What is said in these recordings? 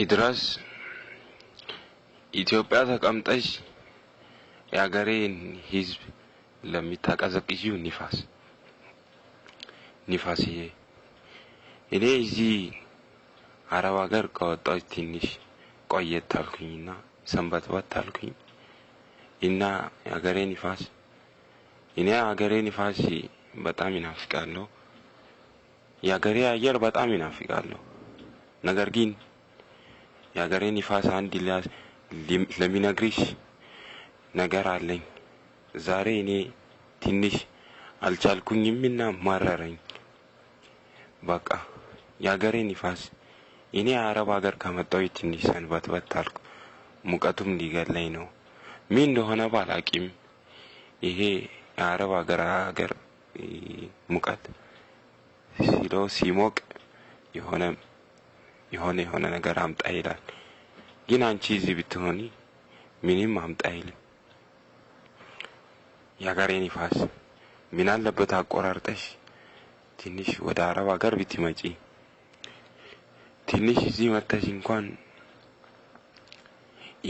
ይድረስ ኢትዮጵያ ተቀምጠሽ የአገሬን ህዝብ ለሚታቀዘቅዢው ንፋስ ንፋስዬ እኔ እዚህ አረብ ሀገር ከወጣሁ ትንሽ ቆየት አልኩኝና ሰንበትበት አልኩኝ እና የአገሬ ንፋስ እኔ የአገሬ ንፋስ በጣም ይናፍቃለሁ። የአገሬ አየር በጣም ይናፍቃለሁ። ነገር ግን የሀገሬን ይፋስ አንድ ለሚነግርሽ ነገር አለኝ። ዛሬ እኔ ትንሽ አልቻልኩኝምና ማረረኝ። በቃ የሀገሬን ይፋስ እኔ አረብ ሀገር ከመጣሁ ትንሽ ሰንበት በታልኩ። ሙቀቱም ሊገለኝ ነው። ምን እንደሆነ ባላቂም ይሄ የአረብ ሀገር ሀገር ሙቀት ሲለው ሲሞቅ የሆነ የሆነ የሆነ ነገር አምጣ ይላል። ግን አንቺ እዚህ ብትሆኒ ምንም አምጣ አይልም። የሀገሬ ንፋስ ምን አለበት አቆራርጠሽ ትንሽ ወደ አረብ ሀገር ብትመጪ፣ ትንሽ እዚህ መጥተሽ እንኳን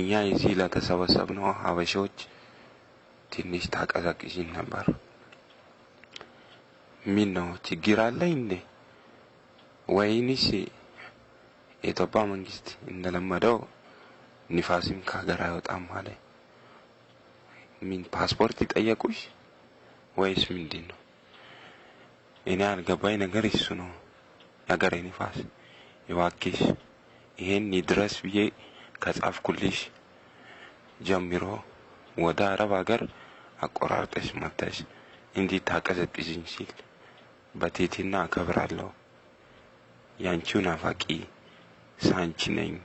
እኛ እዚህ ለተሰበሰብነው ሀበሾች ትንሽ ታቀዛቅዥን ነበር። ምን ነው ችግር አለኝ እንዴ? ወይንስ የኢትዮጵያ መንግስት እንደለመደው ንፋስም ከሀገር አይወጣም አለ። ምን ፓስፖርት ይጠየቁሽ ወይስ ምንድን ነው? እኔ አልገባኝ ነገር እሱ ነው። ነገር ንፋስ ይዋክሽ ይሄን ይድረስ ብዬ ከጻፍኩልሽ ጀምሮ ወደ አረብ ሀገር አቆራርጠሽ መጥተሽ እንዲህ ታቀዘቅዥኝ ሲል በቴትና አከብራለሁ ያንቺው ናፋቂ 3年